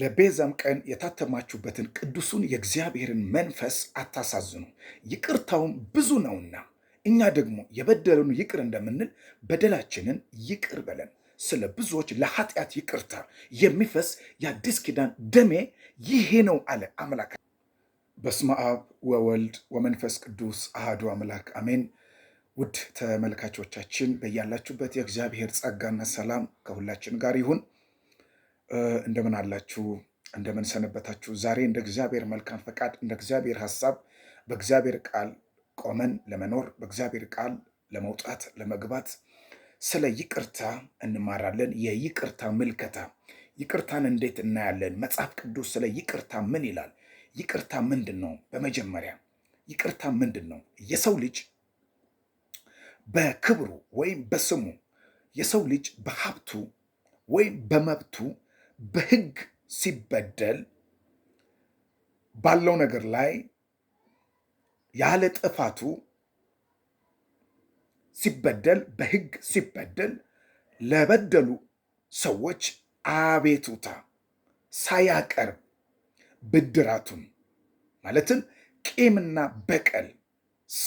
ለቤዛም ቀን የታተማችሁበትን ቅዱሱን የእግዚአብሔርን መንፈስ አታሳዝኑ፣ ይቅርታውም ብዙ ነውና እኛ ደግሞ የበደሉን ይቅር እንደምንል በደላችንን ይቅር በለን። ስለ ብዙዎች ለኃጢአት ይቅርታ የሚፈስ የአዲስ ኪዳን ደሜ ይሄ ነው አለ አምላክ። በስመ አብ ወወልድ ወመንፈስ ቅዱስ አህዱ አምላክ አሜን። ውድ ተመልካቾቻችን በያላችሁበት የእግዚአብሔር ጸጋና ሰላም ከሁላችን ጋር ይሁን። እንደምን አላችሁ? እንደምን ሰነበታችሁ? ዛሬ እንደ እግዚአብሔር መልካም ፈቃድ እንደ እግዚአብሔር ሀሳብ በእግዚአብሔር ቃል ቆመን ለመኖር በእግዚአብሔር ቃል ለመውጣት ለመግባት ስለ ይቅርታ እንማራለን። የይቅርታ ምልከታ፣ ይቅርታን እንዴት እናያለን? መጽሐፍ ቅዱስ ስለ ይቅርታ ምን ይላል? ይቅርታ ምንድን ነው? በመጀመሪያ ይቅርታ ምንድን ነው? የሰው ልጅ በክብሩ ወይም በስሙ የሰው ልጅ በሀብቱ ወይም በመብቱ በህግ ሲበደል ባለው ነገር ላይ ያለ ጥፋቱ ሲበደል በህግ ሲበደል ለበደሉ ሰዎች አቤቱታ ሳያቀርብ ብድራቱን ማለትም ቂምና በቀል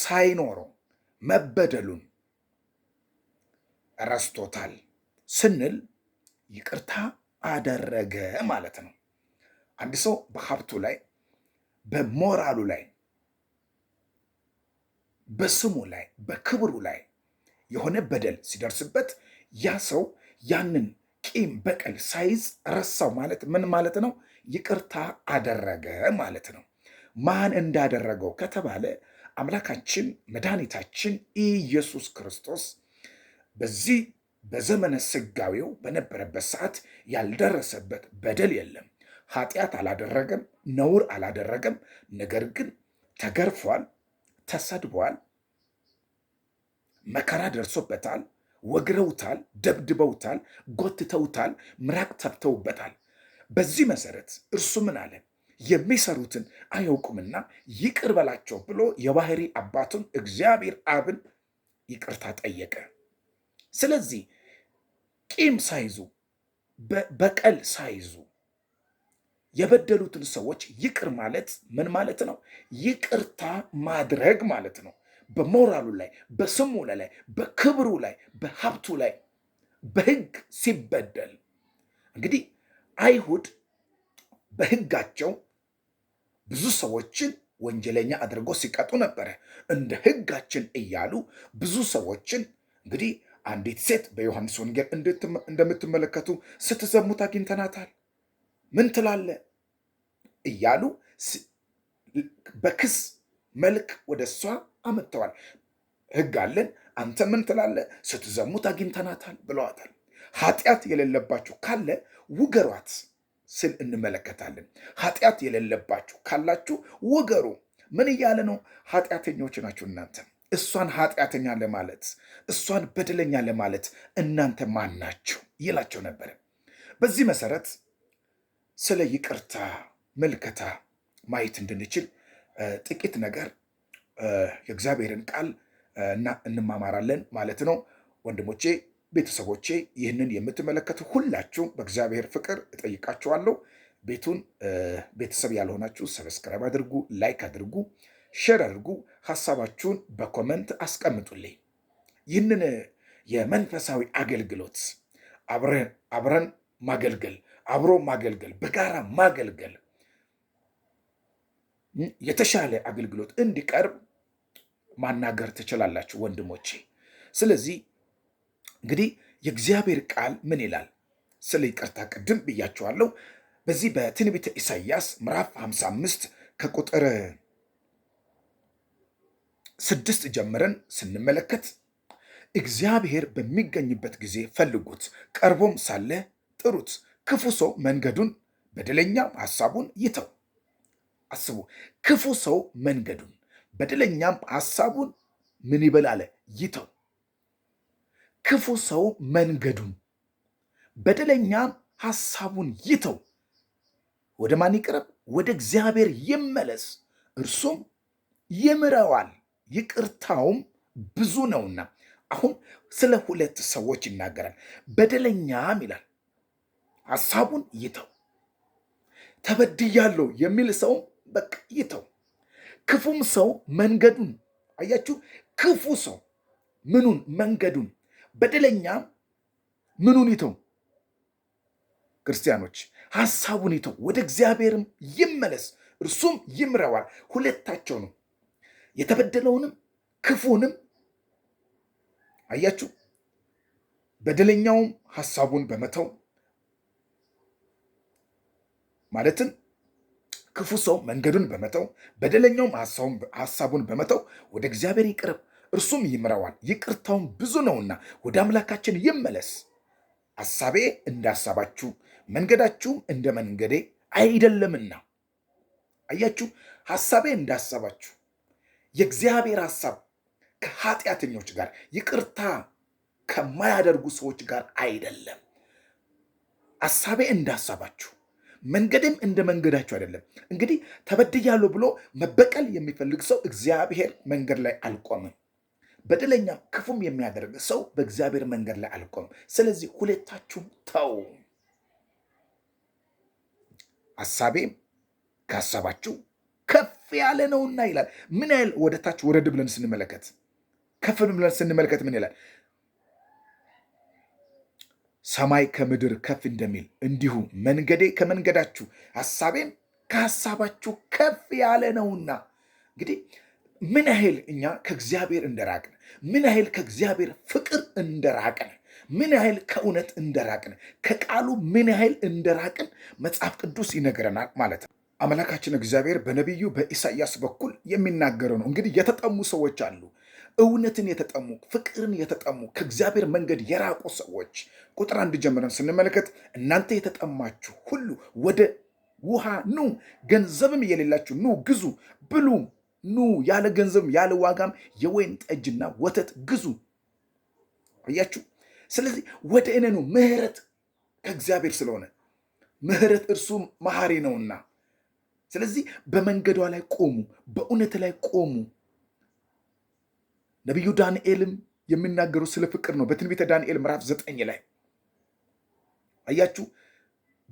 ሳይኖረው መበደሉን ረስቶታል ስንል ይቅርታ አደረገ ማለት ነው። አንድ ሰው በሀብቱ ላይ በሞራሉ ላይ በስሙ ላይ በክብሩ ላይ የሆነ በደል ሲደርስበት ያ ሰው ያንን ቂም በቀል ሳይዝ ረሳው ማለት ምን ማለት ነው? ይቅርታ አደረገ ማለት ነው። ማን እንዳደረገው ከተባለ አምላካችን መድኃኒታችን ኢየሱስ ክርስቶስ በዚህ በዘመነ ስጋዌው በነበረበት ሰዓት ያልደረሰበት በደል የለም። ኃጢአት አላደረገም፣ ነውር አላደረገም። ነገር ግን ተገርፏል፣ ተሰድቧል፣ መከራ ደርሶበታል። ወግረውታል፣ ደብድበውታል፣ ጎትተውታል፣ ምራቅ ተብተውበታል። በዚህ መሰረት እርሱ ምን አለ? የሚሰሩትን አያውቁምና ይቅር በላቸው ብሎ የባህሪ አባቱን እግዚአብሔር አብን ይቅርታ ጠየቀ። ስለዚህ ቂም ሳይዙ በቀል ሳይዙ የበደሉትን ሰዎች ይቅር ማለት ምን ማለት ነው? ይቅርታ ማድረግ ማለት ነው። በሞራሉ ላይ፣ በስሙ ላይ፣ በክብሩ ላይ፣ በሀብቱ ላይ በህግ ሲበደል እንግዲህ አይሁድ በህጋቸው ብዙ ሰዎችን ወንጀለኛ አድርጎ ሲቀጡ ነበረ። እንደ ህጋችን እያሉ ብዙ ሰዎችን እንግዲህ አንዲት ሴት በዮሐንስ ወንጌል እንደምትመለከቱ ስትዘሙት አግኝተናታል፣ ምን ትላለ እያሉ በክስ መልክ ወደ እሷ አመጥተዋል። ሕግ አለን፣ አንተ ምን ትላለ? ስትዘሙት አግኝተናታል ብለዋታል። ኃጢአት የሌለባችሁ ካለ ውገሯት ስል እንመለከታለን። ኃጢአት የሌለባችሁ ካላችሁ ውገሩ። ምን እያለ ነው? ኃጢአተኞች ናችሁ እናንተ እሷን ኃጢአተኛ ለማለት እሷን በደለኛ ለማለት እናንተ ማን ናችሁ ይላቸው ነበር። በዚህ መሰረት ስለ ይቅርታ መልከታ ማየት እንድንችል ጥቂት ነገር የእግዚአብሔርን ቃል እና እንማማራለን ማለት ነው። ወንድሞቼ፣ ቤተሰቦቼ ይህንን የምትመለከቱ ሁላችሁ በእግዚአብሔር ፍቅር እጠይቃችኋለሁ። ቤቱን ቤተሰብ ያልሆናችሁ ሰብስክራይብ አድርጉ፣ ላይክ አድርጉ፣ ሼር አድርጉ። ሐሳባችሁን በኮመንት አስቀምጡልኝ። ይህንን የመንፈሳዊ አገልግሎት አብረን ማገልገል፣ አብሮ ማገልገል፣ በጋራ ማገልገል የተሻለ አገልግሎት እንዲቀርብ ማናገር ትችላላችሁ ወንድሞቼ። ስለዚህ እንግዲህ የእግዚአብሔር ቃል ምን ይላል? ስለ ይቅርታ ቅድም ብያችኋለሁ። በዚህ በትንቢተ ኢሳይያስ ምዕራፍ 55 ከቁጥር ስድስት ጀምረን ስንመለከት እግዚአብሔር በሚገኝበት ጊዜ ፈልጉት፣ ቀርቦም ሳለ ጥሩት። ክፉ ሰው መንገዱን በደለኛም ሐሳቡን ይተው። አስቡ፣ ክፉ ሰው መንገዱን በደለኛም ሐሳቡን ምን ይበላለ ይተው። ክፉ ሰው መንገዱን በደለኛም ሐሳቡን ይተው፣ ወደ ማን ይቅረብ? ወደ እግዚአብሔር ይመለስ፣ እርሱም ይምረዋል። ይቅርታውም ብዙ ነውና። አሁን ስለ ሁለት ሰዎች ይናገራል። በደለኛም ይላል ሀሳቡን ይተው፣ ተበድያለሁ የሚል ሰውም በቃ ይተው። ክፉም ሰው መንገዱን አያችሁ፣ ክፉ ሰው ምኑን መንገዱን፣ በደለኛም ምኑን ይተው ክርስቲያኖች ሀሳቡን ይተው፣ ወደ እግዚአብሔርም ይመለስ፣ እርሱም ይምረዋል። ሁለታቸው ነው። የተበደለውንም ክፉንም አያችሁ፣ በደለኛውም ሀሳቡን በመተው ማለትም ክፉ ሰው መንገዱን በመተው በደለኛውም ሀሳቡን በመተው ወደ እግዚአብሔር ይቅርብ እርሱም ይምረዋል፣ ይቅርታውን ብዙ ነውና ወደ አምላካችን ይመለስ። አሳቤ እንደ ሀሳባችሁ መንገዳችሁም እንደ መንገዴ አይደለምና። አያችሁ፣ ሀሳቤ እንደ ሀሳባችሁ የእግዚአብሔር ሀሳብ ከኃጢአተኞች ጋር ይቅርታ ከማያደርጉ ሰዎች ጋር አይደለም። አሳቤ እንዳሳባችሁ መንገድም እንደ መንገዳቸው አይደለም። እንግዲህ ተበድያለሁ ብሎ መበቀል የሚፈልግ ሰው እግዚአብሔር መንገድ ላይ አልቆምም። በደለኛ ክፉም የሚያደርግ ሰው በእግዚአብሔር መንገድ ላይ አልቆም። ስለዚህ ሁለታችሁም ተው። ሐሳቤም ከሐሳባችሁ ከፍ ያለ ነውና ይላል። ምን ያህል ወደ ታች ወረድ ብለን ስንመለከት፣ ከፍ ብለን ስንመለከት ምን ይላል? ሰማይ ከምድር ከፍ እንደሚል እንዲሁ መንገዴ ከመንገዳችሁ ሀሳቤም ከሀሳባችሁ ከፍ ያለ ነውና። እንግዲህ ምን ያህል እኛ ከእግዚአብሔር እንደራቅን፣ ምን ያህል ከእግዚአብሔር ፍቅር እንደራቅን፣ ምን ያህል ከእውነት እንደራቅን፣ ከቃሉ ምን ያህል እንደራቅን መጽሐፍ ቅዱስ ይነግረናል ማለት ነው። አምላካችን እግዚአብሔር በነቢዩ በኢሳያስ በኩል የሚናገረው ነው። እንግዲህ የተጠሙ ሰዎች አሉ። እውነትን የተጠሙ ፍቅርን የተጠሙ ከእግዚአብሔር መንገድ የራቁ ሰዎች ቁጥር አንድ ጀምረን ስንመለከት እናንተ የተጠማችሁ ሁሉ ወደ ውሃ ኑ፣ ገንዘብም የሌላችሁ ኑ ግዙ፣ ብሉ፣ ኑ ያለ ገንዘብም ያለ ዋጋም የወይን ጠጅና ወተት ግዙ። አያችሁ። ስለዚህ ወደ እኔ ኑ፣ ምሕረት ከእግዚአብሔር ስለሆነ ምሕረት እርሱ መሐሪ ነውና ስለዚህ በመንገዷ ላይ ቆሙ፣ በእውነት ላይ ቆሙ። ነቢዩ ዳንኤልም የሚናገሩ ስለ ፍቅር ነው። በትንቢተ ዳንኤል ምዕራፍ ዘጠኝ ላይ አያችሁ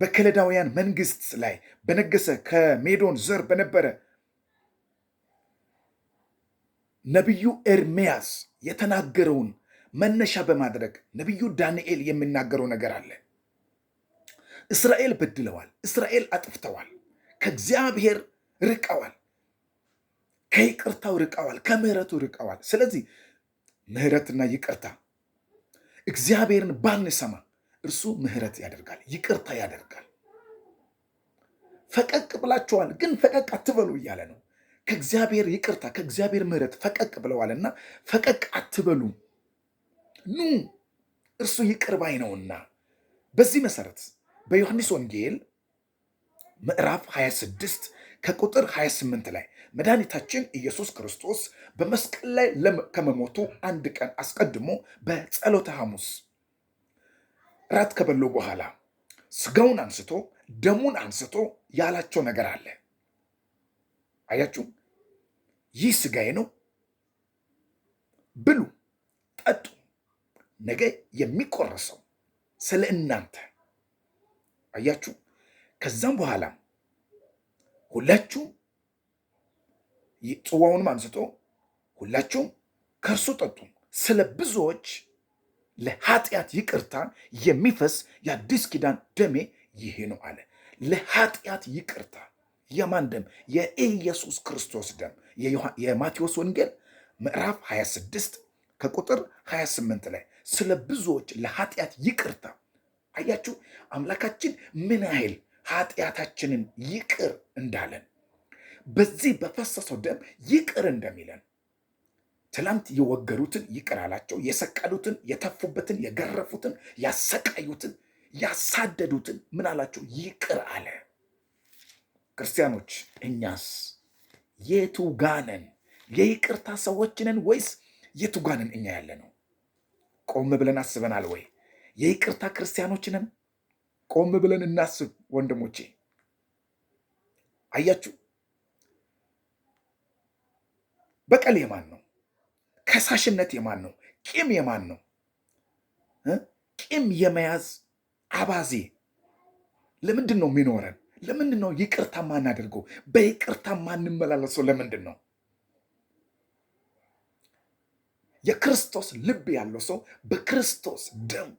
በከለዳውያን መንግስት ላይ በነገሰ ከሜዶን ዘር በነበረ ነቢዩ ኤርሚያስ የተናገረውን መነሻ በማድረግ ነቢዩ ዳንኤል የሚናገረው ነገር አለ። እስራኤል በድለዋል፣ እስራኤል አጥፍተዋል፣ ከእግዚአብሔር ርቀዋል፣ ከይቅርታው ርቀዋል፣ ከምህረቱ ርቀዋል። ስለዚህ ምህረትና ይቅርታ እግዚአብሔርን ባንሰማ እርሱ ምህረት ያደርጋል፣ ይቅርታ ያደርጋል። ፈቀቅ ብላችኋል፣ ግን ፈቀቅ አትበሉ እያለ ነው። ከእግዚአብሔር ይቅርታ ከእግዚአብሔር ምህረት ፈቀቅ ብለዋልና ፈቀቅ አትበሉ ኑ እርሱ ይቅር ባይ ነውና። በዚህ መሰረት በዮሐንስ ወንጌል ምዕራፍ 26 ከቁጥር 28 ላይ መድኃኒታችን ኢየሱስ ክርስቶስ በመስቀል ላይ ከመሞቱ አንድ ቀን አስቀድሞ በጸሎተ ሐሙስ ራት ከበሉ በኋላ ስጋውን አንስቶ ደሙን አንስቶ ያላቸው ነገር አለ። አያችሁ፣ ይህ ስጋዬ ነው፣ ብሉ፣ ጠጡ፣ ነገ የሚቆረሰው ስለ እናንተ። አያችሁ ከዛም በኋላ ሁላችሁ ጽዋውንም አንስቶ ሁላችሁም ከእርሱ ጠጡ፣ ስለ ብዙዎች ለኃጢአት ይቅርታ የሚፈስ የአዲስ ኪዳን ደሜ ይሄ ነው አለ። ለኃጢአት ይቅርታ የማን ደም? የኢየሱስ ክርስቶስ ደም። የማቴዎስ ወንጌል ምዕራፍ 26 ከቁጥር 28 ላይ ስለ ብዙዎች ለኃጢአት ይቅርታ። አያችሁ አምላካችን ምን ያህል ኃጢአታችንን ይቅር እንዳለን በዚህ በፈሰሰው ደም ይቅር እንደሚለን ትላንት የወገሩትን ይቅር አላቸው። የሰቀሉትን፣ የተፉበትን፣ የገረፉትን፣ ያሰቃዩትን፣ ያሳደዱትን ምን አላቸው? ይቅር አለ። ክርስቲያኖች እኛስ የቱ ጋ ነን? የይቅርታ ሰዎች ወይስ የቱ ጋ እኛ ያለ ነው? ቆም ብለን አስበናል ወይ? የይቅርታ ክርስቲያኖችንን? ቆም ብለን እናስብ ወንድሞቼ። አያችሁ፣ በቀል የማን ነው? ከሳሽነት የማን ነው? ቂም የማን ነው? ቂም የመያዝ አባዜ ለምንድን ነው የሚኖረን? ለምንድን ነው ይቅርታ ማናደርገው? በይቅርታ ማንመላለሰው ለምንድን ነው? የክርስቶስ ልብ ያለው ሰው በክርስቶስ ደም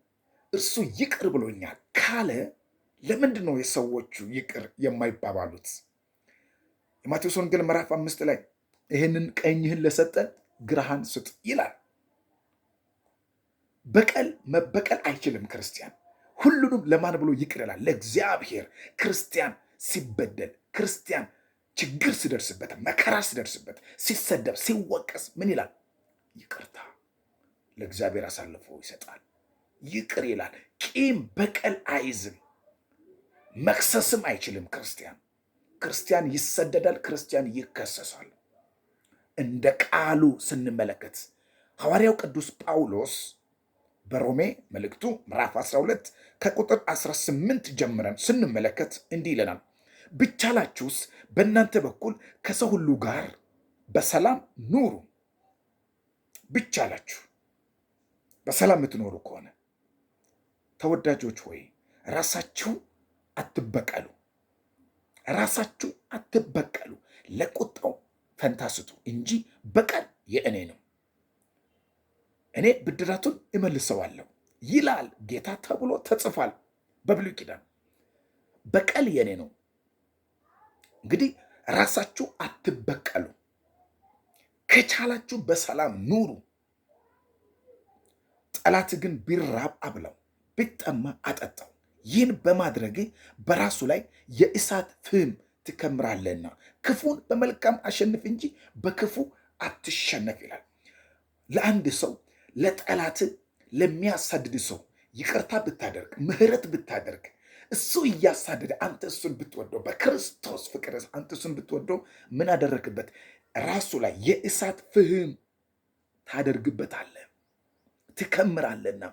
እርሱ ይቅር ብሎኛል ካለ ለምንድን ነው የሰዎቹ ይቅር የማይባባሉት? የማቴዎስ ወንጌል ምዕራፍ አምስት ላይ ይህንን ቀኝህን ለሰጠ ግራህን ስጥ ይላል። በቀል መበቀል አይችልም ክርስቲያን። ሁሉንም ለማን ብሎ ይቅር ይላል? ለእግዚአብሔር። ክርስቲያን ሲበደል፣ ክርስቲያን ችግር ሲደርስበት፣ መከራ ሲደርስበት፣ ሲሰደብ፣ ሲወቀስ ምን ይላል? ይቅርታ ለእግዚአብሔር አሳልፎ ይሰጣል። ይቅር ይላል። ቂም በቀል አይዝም፣ መክሰስም አይችልም። ክርስቲያን ክርስቲያን ይሰደዳል፣ ክርስቲያን ይከሰሳል። እንደ ቃሉ ስንመለከት ሐዋርያው ቅዱስ ጳውሎስ በሮሜ መልእክቱ ምዕራፍ 12 ከቁጥር 18 ጀምረን ስንመለከት እንዲህ ይለናል፣ ብቻላችሁስ በእናንተ በኩል ከሰው ሁሉ ጋር በሰላም ኑሩ። ብቻላችሁ በሰላም የምትኖሩ ከሆነ ተወዳጆች ሆይ ራሳችሁ አትበቀሉ፣ ራሳችሁ አትበቀሉ። ለቁጣው ፈንታ ስጡ እንጂ በቀል የእኔ ነው፣ እኔ ብድራቱን እመልሰዋለሁ ይላል ጌታ ተብሎ ተጽፏል በብሉይ ኪዳን። በቀል የእኔ ነው። እንግዲህ ራሳችሁ አትበቀሉ፣ ከቻላችሁ በሰላም ኑሩ። ጠላት ግን ቢራብ አብላው ብጠማ አጠጣው። ይህን በማድረግ በራሱ ላይ የእሳት ፍም ትከምራለህና ክፉን በመልካም አሸንፍ እንጂ በክፉ አትሸነፍ ይላል። ለአንድ ሰው ለጠላት ለሚያሳድድ ሰው ይቅርታ ብታደርግ ምሕረት ብታደርግ እሱ እያሳደደ አንተ እሱን ብትወደው በክርስቶስ ፍቅር አንተ እሱን ብትወደው ምን አደረግበት? ራሱ ላይ የእሳት ፍህም ታደርግበታለህ፣ ትከምራለህና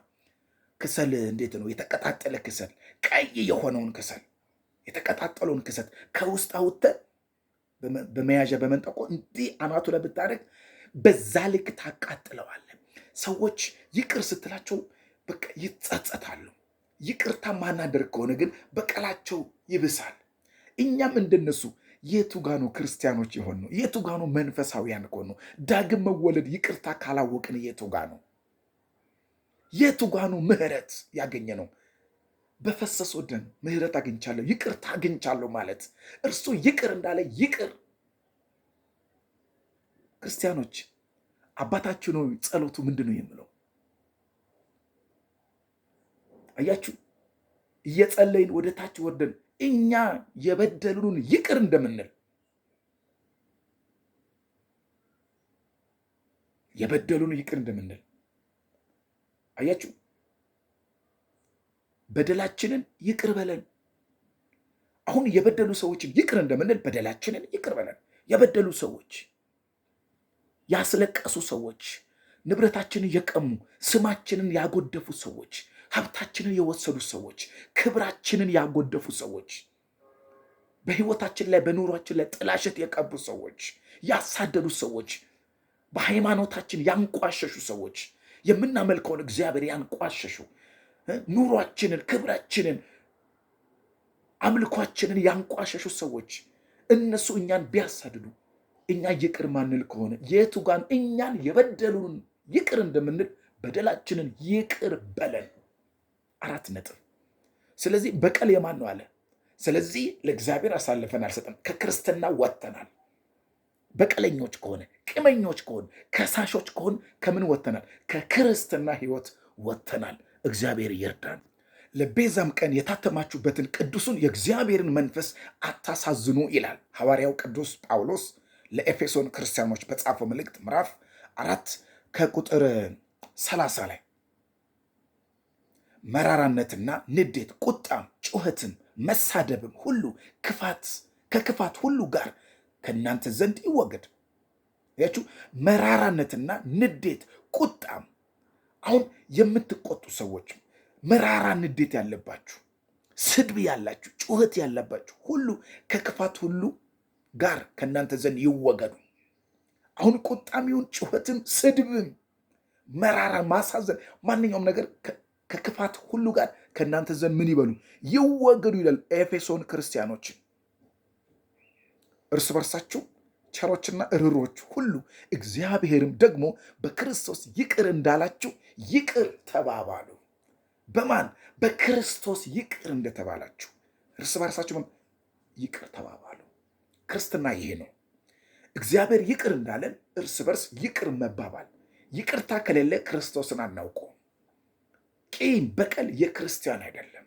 ክሰል እንዴት ነው የተቀጣጠለ ክሰል፣ ቀይ የሆነውን ክሰል፣ የተቀጣጠለውን ክሰል ከውስጥ አውጥተህ በመያዣ በመንጠቆ እንዲህ አናቱ ላይ ብታደርግ በዛ ልክ ታቃጥለዋለህ። ሰዎች ይቅር ስትላቸው በቃ ይጸጸታሉ። ይቅርታ ማናደርግ ከሆነ ግን በቀላቸው ይብሳል። እኛም እንደነሱ የቱ ጋ ክርስቲያኖች የሆን ነው? የቱ ጋ መንፈሳውያን ከሆን ነው? ዳግም መወለድ ይቅርታ ካላወቅን የቱ ጋ ነው? የቱ ምህረት ያገኘ ነው? በፈሰሰው ደም ምህረት አግኝቻለሁ፣ ይቅርታ አግኝቻለሁ ማለት እርሱ ይቅር እንዳለ ይቅር። ክርስቲያኖች አባታችሁ ነው። ጸሎቱ ምንድን ነው የምለው? አያችሁ፣ እየጸለይን ወደ ታች ወርደን እኛ የበደሉን ይቅር እንደምንል የበደሉን ይቅር እንደምንል አያችሁ፣ በደላችንን ይቅር በለን። አሁን የበደሉ ሰዎችን ይቅር እንደምንል በደላችንን ይቅር በለን። የበደሉ ሰዎች፣ ያስለቀሱ ሰዎች፣ ንብረታችንን የቀሙ፣ ስማችንን ያጎደፉ ሰዎች፣ ሀብታችንን የወሰዱ ሰዎች፣ ክብራችንን ያጎደፉ ሰዎች፣ በህይወታችን ላይ በኑሯችን ላይ ጥላሸት የቀቡ ሰዎች፣ ያሳደዱ ሰዎች፣ በሃይማኖታችን ያንቋሸሹ ሰዎች የምናመልከውን እግዚአብሔር ያንቋሸሹ ኑሯችንን፣ ክብራችንን፣ አምልኳችንን ያንቋሸሹ ሰዎች እነሱ እኛን ቢያሳድዱ እኛ ይቅር ማንል ከሆነ የቱ ጋን እኛን የበደሉን ይቅር እንደምንል በደላችንን ይቅር በለን። አራት ነጥብ። ስለዚህ በቀል የማን ነው አለ። ስለዚህ ለእግዚአብሔር አሳልፈን አልሰጠም። ከክርስትና ወጥተናል። በቀለኞች ከሆነ ቂመኞች ከሆን ከሳሾች ከሆን ከምን ወተናል? ከክርስትና ህይወት ወተናል እግዚአብሔር ይርዳን። ለቤዛም ቀን የታተማችሁበትን ቅዱሱን የእግዚአብሔርን መንፈስ አታሳዝኑ ይላል ሐዋርያው ቅዱስ ጳውሎስ ለኤፌሶን ክርስቲያኖች በጻፈው መልእክት ምዕራፍ አራት ከቁጥር ሰላሳ ላይ መራራነትና ንዴት፣ ቁጣም፣ ጩኸትም፣ መሳደብም ሁሉ ክፋት ከክፋት ሁሉ ጋር ከእናንተ ዘንድ ይወገድ። ያችሁ መራራነትና ንዴት ቁጣም። አሁን የምትቆጡ ሰዎች መራራ ንዴት ያለባችሁ፣ ስድብ ያላችሁ፣ ጩኸት ያለባችሁ ሁሉ ከክፋት ሁሉ ጋር ከእናንተ ዘንድ ይወገዱ። አሁን ቁጣም ይሁን ጩኸትም፣ ስድብም፣ መራራ ማሳዘን፣ ማንኛውም ነገር ከክፋት ሁሉ ጋር ከእናንተ ዘንድ ምን ይበሉ ይወገዱ ይላል ኤፌሶን ክርስቲያኖችን እርስ በርሳችሁ ቸሮችና እርሮች ሁሉ እግዚአብሔርም ደግሞ በክርስቶስ ይቅር እንዳላችሁ ይቅር ተባባሉ። በማን በክርስቶስ ይቅር እንደተባላችሁ እርስ በርሳችሁ ይቅር ተባባሉ። ክርስትና ይሄ ነው። እግዚአብሔር ይቅር እንዳለን እርስ በርስ ይቅር መባባል። ይቅርታ ከሌለ ክርስቶስን አናውቀውም። ቂም፣ በቀል የክርስቲያን አይደለም።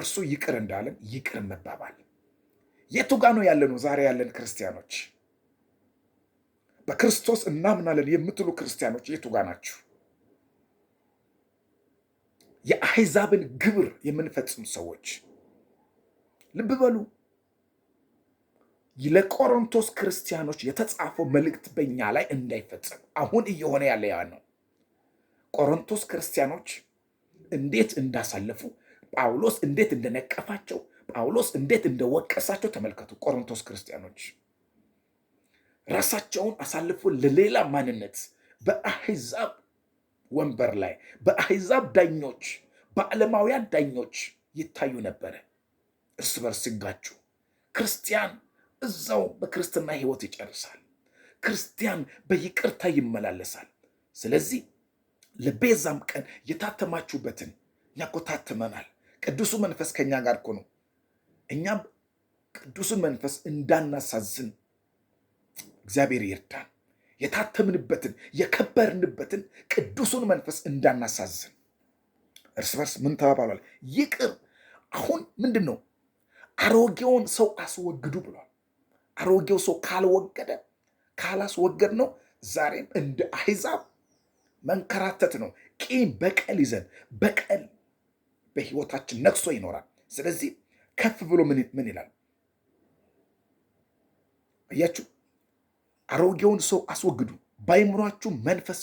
እርሱ ይቅር እንዳለን ይቅር መባባል የቱ ጋ ነው ያለ ነው ዛሬ ያለን ክርስቲያኖች? በክርስቶስ እናምናለን የምትሉ ክርስቲያኖች የቱ ጋ ናችሁ? የአሕዛብን ግብር የምንፈጽም ሰዎች ልብ በሉ። ለቆሮንቶስ ክርስቲያኖች የተጻፈው መልእክት በእኛ ላይ እንዳይፈጸም አሁን እየሆነ ያለ ያ ነው። ቆሮንቶስ ክርስቲያኖች እንዴት እንዳሳለፉ ጳውሎስ እንዴት እንደነቀፋቸው ጳውሎስ እንዴት እንደወቀሳቸው ተመልከቱ። ቆሮንቶስ ክርስቲያኖች ራሳቸውን አሳልፎ ለሌላ ማንነት በአሕዛብ ወንበር ላይ በአሕዛብ ዳኞች፣ በዓለማውያን ዳኞች ይታዩ ነበረ። እርስ በርስ ሲጋጩ ክርስቲያን እዛው በክርስትና ሕይወት ይጨርሳል። ክርስቲያን በይቅርታ ይመላለሳል። ስለዚህ ለቤዛም ቀን የታተማችሁበትን እኛ እኮ ታትመናል። ቅዱሱ መንፈስ ከኛ ጋር እኮ ነው። እኛም ቅዱስን መንፈስ እንዳናሳዝን እግዚአብሔር ይርዳን። የታተምንበትን የከበርንበትን ቅዱሱን መንፈስ እንዳናሳዝን እርስ በርስ ምን ተባባሏል? ይቅር። አሁን ምንድን ነው? አሮጌውን ሰው አስወግዱ ብሏል። አሮጌው ሰው ካልወገደ ካላስወገድ ነው ዛሬም እንደ አሕዛብ መንከራተት ነው። ቂም በቀል ይዘን በቀል በሕይወታችን ነግሶ ይኖራል። ስለዚህ ከፍ ብሎ ምን ይላል? እያችሁ አሮጌውን ሰው አስወግዱ፣ በአእምሯችሁ መንፈስ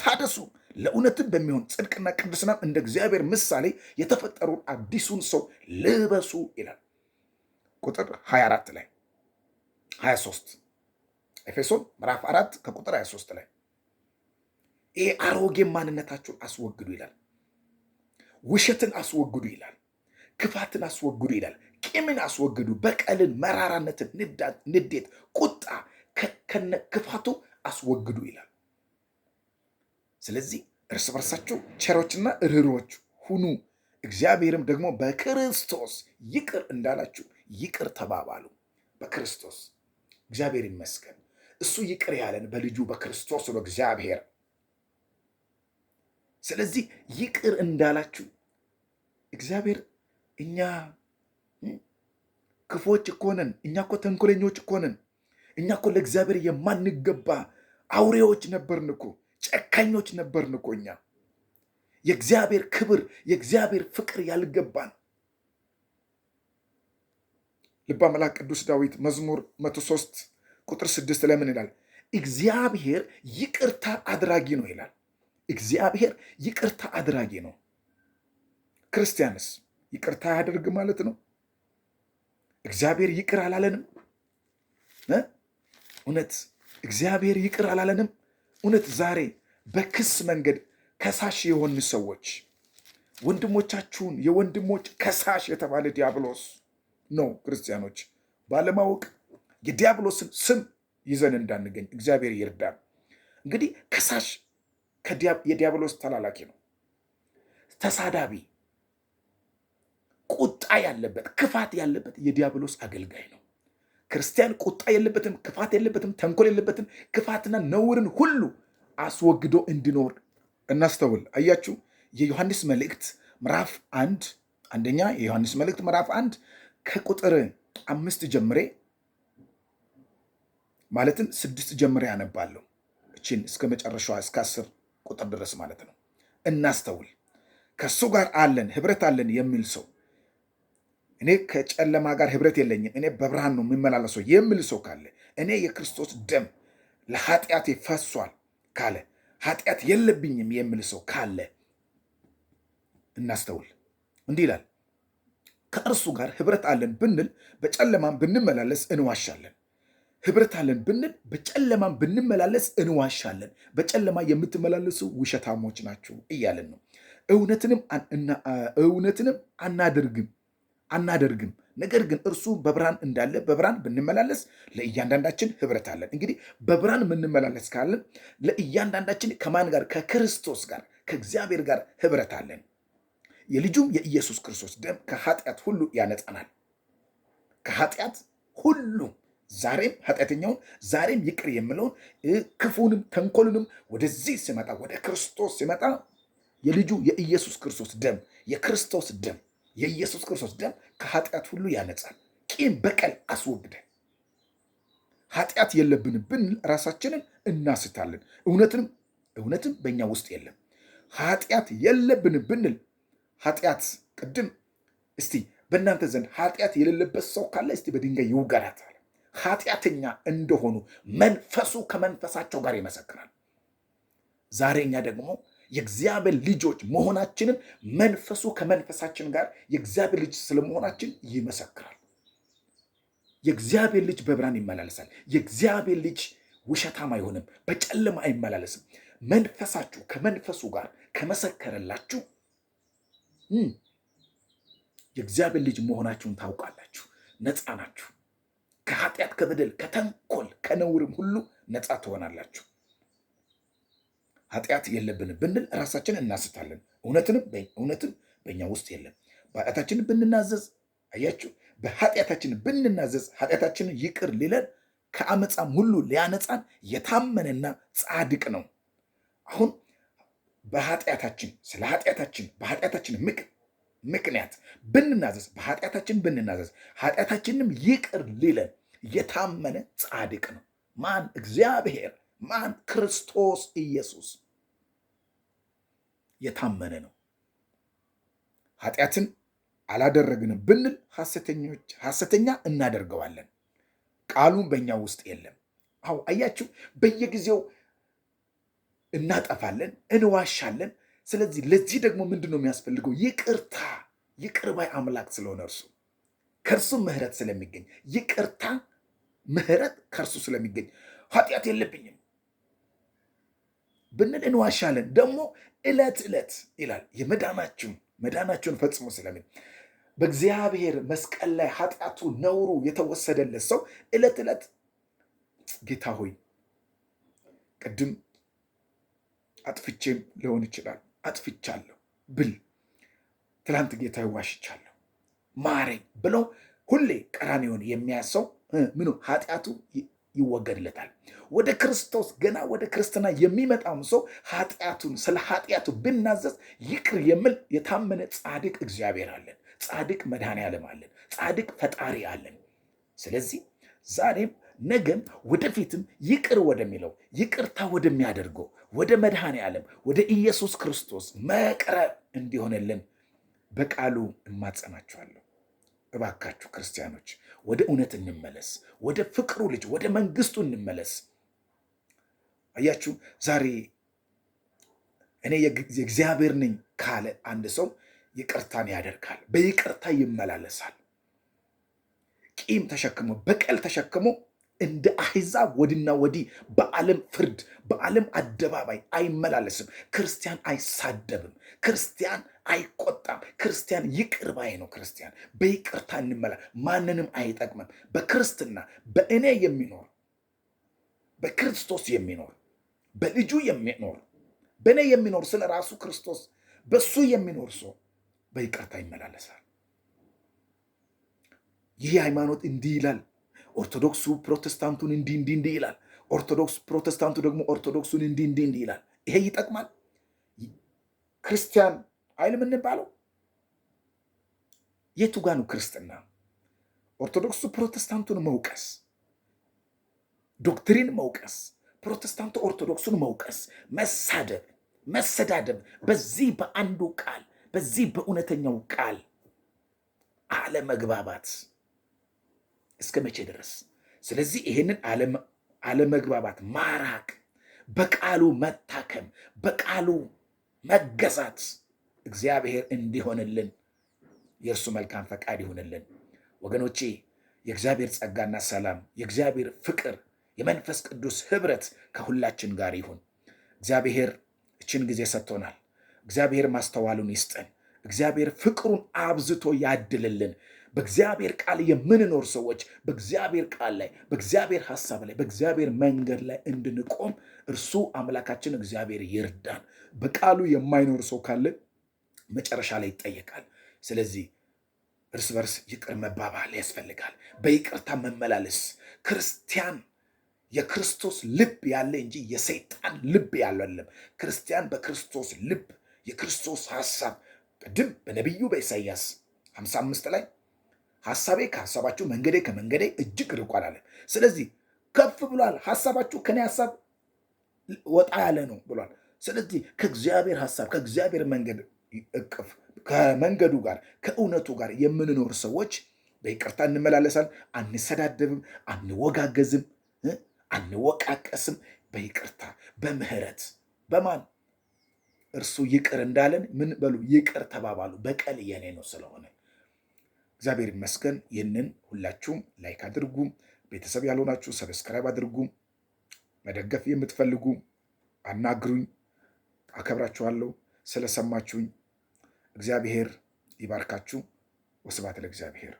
ታደሱ፣ ለእውነትም በሚሆን ጽድቅና ቅድስናም እንደ እግዚአብሔር ምሳሌ የተፈጠሩን አዲሱን ሰው ልበሱ ይላል። ቁጥር 24 ላይ 23 ኤፌሶን ምዕራፍ 4 ከቁጥር 23 ላይ ይሄ አሮጌ ማንነታችሁን አስወግዱ ይላል። ውሸትን አስወግዱ ይላል። ክፋትን አስወግዱ ይላል። ቂምን አስወግዱ፣ በቀልን፣ መራራነትን፣ ንዴት፣ ቁጣ ከነ ክፋቱ አስወግዱ ይላል። ስለዚህ እርስ በርሳችሁ ቸሮችና ርኅሮች ሁኑ፣ እግዚአብሔርም ደግሞ በክርስቶስ ይቅር እንዳላችሁ ይቅር ተባባሉ። በክርስቶስ እግዚአብሔር ይመስገን። እሱ ይቅር ያለን በልጁ በክርስቶስ ነው እግዚአብሔር። ስለዚህ ይቅር እንዳላችሁ እግዚአብሔር እኛ ክፎች እኮ ነን። እኛ እኮ ተንኮለኞች እኮ ነን። እኛ እኮ ለእግዚአብሔር የማንገባ አውሬዎች ነበርን እኮ፣ ጨካኞች ነበርን እኮ። እኛ የእግዚአብሔር ክብር የእግዚአብሔር ፍቅር ያልገባን ልበ አምላክ ቅዱስ ዳዊት መዝሙር 103 ቁጥር 6 ለምን ይላል? እግዚአብሔር ይቅርታ አድራጊ ነው ይላል። እግዚአብሔር ይቅርታ አድራጊ ነው። ክርስቲያንስ ይቅርታ ያደርግ ማለት ነው። እግዚአብሔር ይቅር አላለንም። እውነት እግዚአብሔር ይቅር አላለንም። እውነት ዛሬ በክስ መንገድ ከሳሽ የሆን ሰዎች ወንድሞቻችሁን የወንድሞች ከሳሽ የተባለ ዲያብሎስ ነው። ክርስቲያኖች ባለማወቅ የዲያብሎስን ስም ይዘን እንዳንገኝ እግዚአብሔር ይርዳን። እንግዲህ ከሳሽ የዲያብሎስ ተላላኪ ነው፣ ተሳዳቢ ቁጣ ያለበት ክፋት ያለበት የዲያብሎስ አገልጋይ ነው። ክርስቲያን ቁጣ የለበትም፣ ክፋት የለበትም፣ ተንኮል የለበትም። ክፋትና ነውርን ሁሉ አስወግዶ እንዲኖር እናስተውል። አያችሁ የዮሐንስ መልእክት ምዕራፍ አንድ አንደኛ የዮሐንስ መልእክት ምዕራፍ አንድ ከቁጥር አምስት ጀምሬ ማለትም ስድስት ጀምሬ አነባለሁ። እችን እስከ መጨረሻዋ እስከ አስር ቁጥር ድረስ ማለት ነው። እናስተውል። ከእሱ ጋር አለን ህብረት አለን የሚል ሰው እኔ ከጨለማ ጋር ህብረት የለኝም፣ እኔ በብርሃን ነው የሚመላለሰው የሚል ሰው ካለ እኔ የክርስቶስ ደም ለኃጢአት ፈሷል ካለ ኃጢአት የለብኝም የሚል ሰው ካለ እናስተውል። እንዲህ ይላል ከእርሱ ጋር ህብረት አለን ብንል በጨለማም ብንመላለስ እንዋሻለን። ህብረት አለን ብንል በጨለማም ብንመላለስ እንዋሻለን። በጨለማ የምትመላለሱ ውሸታሞች ናችሁ እያለን ነው። እውነትንም አናደርግም አናደርግም። ነገር ግን እርሱ በብርሃን እንዳለ በብርሃን ብንመላለስ ለእያንዳንዳችን ህብረት አለን። እንግዲህ በብርሃን የምንመላለስ ካለን ለእያንዳንዳችን ከማን ጋር? ከክርስቶስ ጋር ከእግዚአብሔር ጋር ህብረት አለን። የልጁም የኢየሱስ ክርስቶስ ደም ከኃጢአት ሁሉ ያነጻናል። ከኃጢአት ሁሉ ዛሬም ኃጢአተኛውን ዛሬም ይቅር የምለውን ክፉንም ተንኮሉንም ወደዚህ ሲመጣ ወደ ክርስቶስ ሲመጣ የልጁ የኢየሱስ ክርስቶስ ደም የክርስቶስ ደም የኢየሱስ ክርስቶስ ደም ከኃጢአት ሁሉ ያነጻል። ቂም፣ በቀል አስወግደ ኃጢአት የለብንም ብንል ራሳችንን እናስታለን። እውነትንም እውነትም በእኛ ውስጥ የለም። ኃጢአት የለብንም ብንል ኃጢአት ቅድም እስቲ በእናንተ ዘንድ ኃጢአት የሌለበት ሰው ካለ እስቲ በድንጋይ ይውገራት አለ። ኃጢአተኛ እንደሆኑ መንፈሱ ከመንፈሳቸው ጋር ይመሰክራል። ዛሬ እኛ ደግሞ የእግዚአብሔር ልጆች መሆናችንን መንፈሱ ከመንፈሳችን ጋር የእግዚአብሔር ልጅ ስለመሆናችን ይመሰክራል። የእግዚአብሔር ልጅ በብርሃን ይመላለሳል። የእግዚአብሔር ልጅ ውሸታም አይሆንም፣ በጨለማ አይመላለስም። መንፈሳችሁ ከመንፈሱ ጋር ከመሰከረላችሁ የእግዚአብሔር ልጅ መሆናችሁን ታውቃላችሁ። ነፃ ናችሁ። ከኃጢአት፣ ከበደል፣ ከተንኮል፣ ከነውርም ሁሉ ነፃ ትሆናላችሁ። ኃጢአት የለብንም ብንል ራሳችን እናስታለን። እውነትንም እውነትም በእኛ ውስጥ የለም። በኃጢአታችን ብንናዘዝ፣ አያችሁ፣ በኃጢአታችን ብንናዘዝ ኃጢአታችንን ይቅር ሊለን ከአመፃም ሁሉ ሊያነፃን የታመነና ጻድቅ ነው። አሁን በኃጢአታችን ስለ ኃጢአታችን በኃጢአታችን ምክንያት ብንናዘዝ በኃጢአታችን ብንናዘዝ ኃጢአታችንም ይቅር ሊለን የታመነ ጻድቅ ነው። ማን? እግዚአብሔር ማን? ክርስቶስ ኢየሱስ የታመነ ነው። ኃጢአትን አላደረግን ብንል ሐሰተኞች ሐሰተኛ እናደርገዋለን፣ ቃሉን በእኛ ውስጥ የለም። አው አያችሁ፣ በየጊዜው እናጠፋለን፣ እንዋሻለን። ስለዚህ ለዚህ ደግሞ ምንድን ነው የሚያስፈልገው? ይቅርታ። ይቅርባይ አምላክ ስለሆነ እርሱ ከእርሱ ምሕረት ስለሚገኝ ይቅርታ ምሕረት ከእርሱ ስለሚገኝ ኃጢአት የለብኝም ብንል እንዋሻለን። ደግሞ እለት እለት ይላል የመዳናችሁን መዳናችሁን ፈጽሞ ስለሚል በእግዚአብሔር መስቀል ላይ ኃጢአቱ ነውሩ የተወሰደለት ሰው እለት እለት ጌታ ሆይ ቅድም አጥፍቼም ሊሆን ይችላል አጥፍቻለሁ ብል ትላንት ጌታ ዋሽቻለሁ ማረኝ ብለው ሁሌ ቀራንዮን የሚያዝ ሰው ምኑ ኃጢአቱ ይወገድለታል። ወደ ክርስቶስ ገና ወደ ክርስትና የሚመጣውን ሰው ኃጢአቱን ስለ ኃጢአቱ ብናዘዝ ይቅር የሚል የታመነ ጻድቅ እግዚአብሔር አለን። ጻድቅ መድኃኔ ዓለም አለን። ጻድቅ ፈጣሪ አለን። ስለዚህ ዛሬም ነገም ወደፊትም ይቅር ወደሚለው ይቅርታ ወደሚያደርገው ወደ መድኃኔ ዓለም ወደ ኢየሱስ ክርስቶስ መቅረብ እንዲሆንልን በቃሉ እማጸናችኋለሁ። እባካችሁ ክርስቲያኖች ወደ እውነት እንመለስ። ወደ ፍቅሩ ልጅ ወደ መንግስቱ እንመለስ። አያችሁ ዛሬ እኔ የእግዚአብሔር ነኝ ካለ አንድ ሰው ይቅርታን ያደርጋል፣ በይቅርታ ይመላለሳል። ቂም ተሸክሞ በቀል ተሸክሞ እንደ አሕዛብ ወዲና ወዲህ በዓለም ፍርድ በዓለም አደባባይ አይመላለስም። ክርስቲያን አይሳደብም። ክርስቲያን አይቆጣም። ክርስቲያን ይቅር ባይ ነው። ክርስቲያን በይቅርታ እንመላ ማንንም አይጠቅምም። በክርስትና በእኔ የሚኖር በክርስቶስ የሚኖር በልጁ የሚኖር በእኔ የሚኖር ስለ ራሱ ክርስቶስ በሱ የሚኖር ሰው በይቅርታ ይመላለሳል። ይህ ሃይማኖት እንዲህ ይላል። ኦርቶዶክሱ ፕሮቴስታንቱን እንዲህ እንዲህ እንዲህ ይላል፣ ኦርቶዶክስ ፕሮቴስታንቱ ደግሞ ኦርቶዶክሱን እንዲህ እንዲህ እንዲህ ይላል። ይሄ ይጠቅማል ክርስቲያን አይልም እንባለው። የቱ ጋ ነው ክርስትና? ኦርቶዶክሱ ፕሮቴስታንቱን መውቀስ፣ ዶክትሪን መውቀስ፣ ፕሮቴስታንቱ ኦርቶዶክሱን መውቀስ፣ መሳደብ፣ መሰዳደብ በዚህ በአንዱ ቃል በዚህ በእውነተኛው ቃል አለመግባባት እስከ መቼ ድረስ? ስለዚህ ይህንን አለመግባባት ማራቅ፣ በቃሉ መታከም፣ በቃሉ መገዛት እግዚአብሔር እንዲሆንልን የእርሱ መልካም ፈቃድ ይሆንልን። ወገኖቼ የእግዚአብሔር ጸጋና ሰላም፣ የእግዚአብሔር ፍቅር፣ የመንፈስ ቅዱስ ህብረት ከሁላችን ጋር ይሁን። እግዚአብሔር እችን ጊዜ ሰጥቶናል። እግዚአብሔር ማስተዋሉን ይስጠን። እግዚአብሔር ፍቅሩን አብዝቶ ያድልልን። በእግዚአብሔር ቃል የምንኖር ሰዎች በእግዚአብሔር ቃል ላይ በእግዚአብሔር ሀሳብ ላይ በእግዚአብሔር መንገድ ላይ እንድንቆም እርሱ አምላካችን እግዚአብሔር ይርዳን። በቃሉ የማይኖር ሰው ካለ መጨረሻ ላይ ይጠየቃል። ስለዚህ እርስ በርስ ይቅር መባባል ያስፈልጋል። በይቅርታ መመላለስ ክርስቲያን የክርስቶስ ልብ ያለ እንጂ የሰይጣን ልብ ያለለም። ክርስቲያን በክርስቶስ ልብ የክርስቶስ ሀሳብ ቅድም በነቢዩ በኢሳይያስ 55 ላይ ሀሳቤ ከሐሳባችሁ መንገዴ ከመንገዴ እጅግ ርቋል አለ። ስለዚህ ከፍ ብሏል፣ ሐሳባችሁ ከኔ ሀሳብ ወጣ ያለ ነው ብሏል። ስለዚህ ከእግዚአብሔር ሀሳብ ከእግዚአብሔር መንገድ እቅፍ ከመንገዱ ጋር ከእውነቱ ጋር የምንኖር ሰዎች በይቅርታ እንመላለሳል፣ አንሰዳደብም፣ አንወጋገዝም፣ አንወቃቀስም። በይቅርታ በምህረት በማን እርሱ ይቅር እንዳለን ምን በሉ ይቅር ተባባሉ። በቀል የኔ ነው ስለሆነ እግዚአብሔር ይመስገን። ይህንን ሁላችሁም ላይክ አድርጉ። ቤተሰብ ያልሆናችሁ ሰብስክራይብ አድርጉ። መደገፍ የምትፈልጉ አናግሩኝ። አከብራችኋለሁ። ስለሰማችሁኝ እግዚአብሔር ይባርካችሁ። ወስብሐት ለእግዚአብሔር።